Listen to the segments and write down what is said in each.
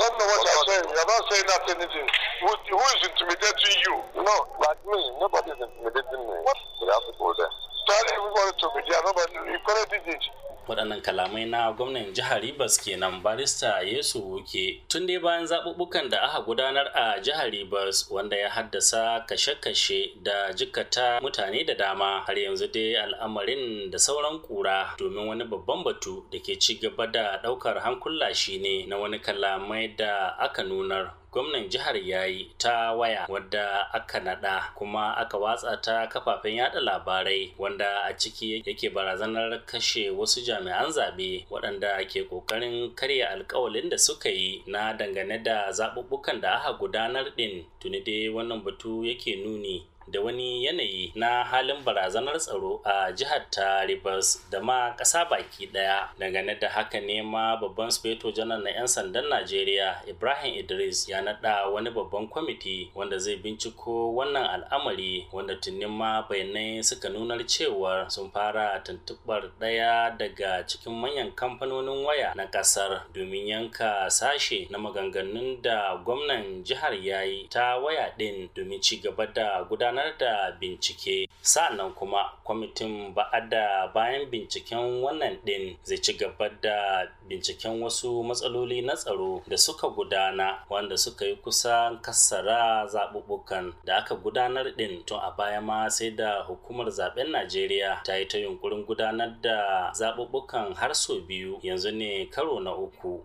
don't know what you're saying. You're not saying that anything. Who, who is intimidating you? No, like me. Nobody is intimidating me. What? You have to go there. Tell everybody to be there. Nobody. You corrected it. waɗannan kalamai na gwamnan jihar Ribas kenan barista Yesu Wuke tun dai bayan zaɓuɓɓukan da aka gudanar a jihar Ribas wanda ya haddasa kashe-kashe da jikata mutane da dama har yanzu dai al'amarin da sauran kura domin wani babban batu da ke ci gaba da ɗaukar hankula shine na wani kalamai da aka nunar gwamnan jihar yayi ta waya wadda aka nada kuma aka watsa ta kafafen yada labarai wanda a ciki yake barazanar kashe wasu jami'an zabe waɗanda ke ƙoƙarin karya alkawalin da suka yi na dangane da zaɓuɓɓukan da aka gudanar ɗin tuni dai wannan batu yake nuni da wani yanayi na halin barazanar tsaro a jihar ta Rivers da ma ƙasa baki ɗaya. Dangane da haka ne ma babban speto janar na 'yan sandan Najeriya Ibrahim Idris ya naɗa wani babban kwamiti wanda zai binciko wannan al'amari wanda tunin ma bayanai suka nunar cewar sun fara tuntuɓar ɗaya daga cikin manyan kamfanonin waya na ƙasar domin yanka sashe na maganganun da gwamnan jihar yayi ta waya ɗin domin ci gaba da gudanar gudanar da bincike sa'annan kuma kwamitin ba'ada bayan binciken wannan din zai ci gaba da binciken wasu matsaloli na tsaro da suka gudana wanda suka yi kusan kassara zaɓuɓɓukan da aka gudanar din tun a baya ma sai da hukumar zaben najeriya ta yi ta yunkurin gudanar da zaɓuɓɓukan har sau biyu yanzu ne karo na uku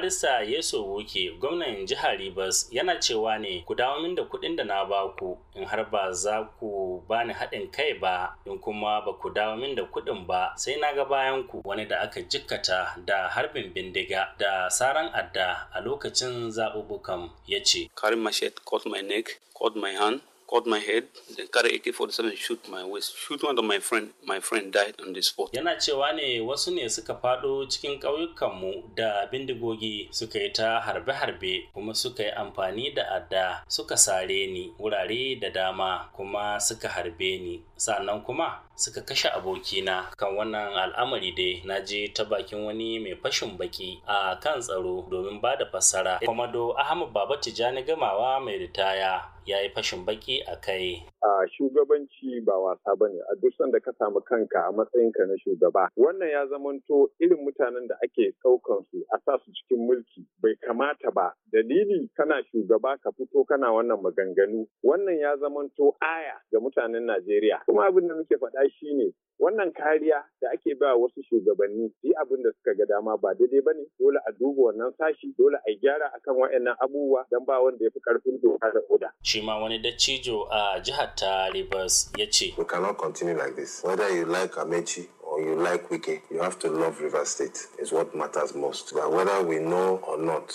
barista yeso woke gwamnan jihar ribas yana cewa ne ku dawo min da kuɗin da na ba ku in har ba za ku bani haɗin kai ba in kuma ba ku dawo min da kuɗin ba sai na ga bayan ku wani da aka jikkata da harbin bindiga da saran adda a lokacin zaɓuɓɓukan ya ce. Karim mashet caught my neck, caught my hand, cut my head, then carry AK-47 shoot my waist. Shoot one of my friend, my friend died on the spot. Yana cewa ne wasu ne suka faɗo cikin ƙauyukanmu da bindigogi suka yi ta harbe-harbe kuma suka yi amfani da adda suka sare ni wurare da dama kuma suka harbe ni. Sannan kuma suka kashe abokina kan wannan al'amari dai na je ta bakin wani mai fashin baki a kan tsaro domin ba da fassara. Kwamado Ahmad Baba Tijjani Gamawa mai ritaya ya yi fashin baki a kai. A shugabanci ba wasa bane a duk sanda ka samu kanka a matsayinka na shugaba. Wannan ya zamanto irin mutanen da ake ɗaukan su a sa su cikin mulki bai kamata ba. Dalili kana shugaba ka fito kana wannan maganganu. Wannan ya zamanto aya ga mutanen Najeriya. Kuma abin da muke faɗa shine wannan kariya da ake ba wasu shugabanni yi abin da suka ga dama ba daidai ba ne dole a duba wannan sashi dole a gyara akan waɗannan abubuwa don ba wanda ya fi karfin doka da oda. shi ma wani dattijo a jihar ta rivers ya ce. we cannot continue like this whether you like amechi or you like Wiki, you have to love River State is what matters most. That whether we know or not.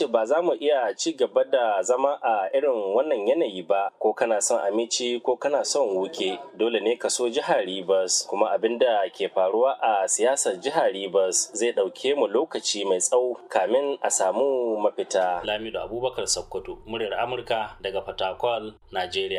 Ya ba za mu iya ci gaba da zama a irin wannan yanayi ba ko kana son Amici ko kana son Wuke dole ne ka so jihar Rivers kuma abin da ke faruwa a siyasar jihar Rivers zai ɗauke mu lokaci mai tsawo kamin a samu mafita. Lamido Abubakar Sokoto, muryar Amurka daga Fatakwal, Najeriya.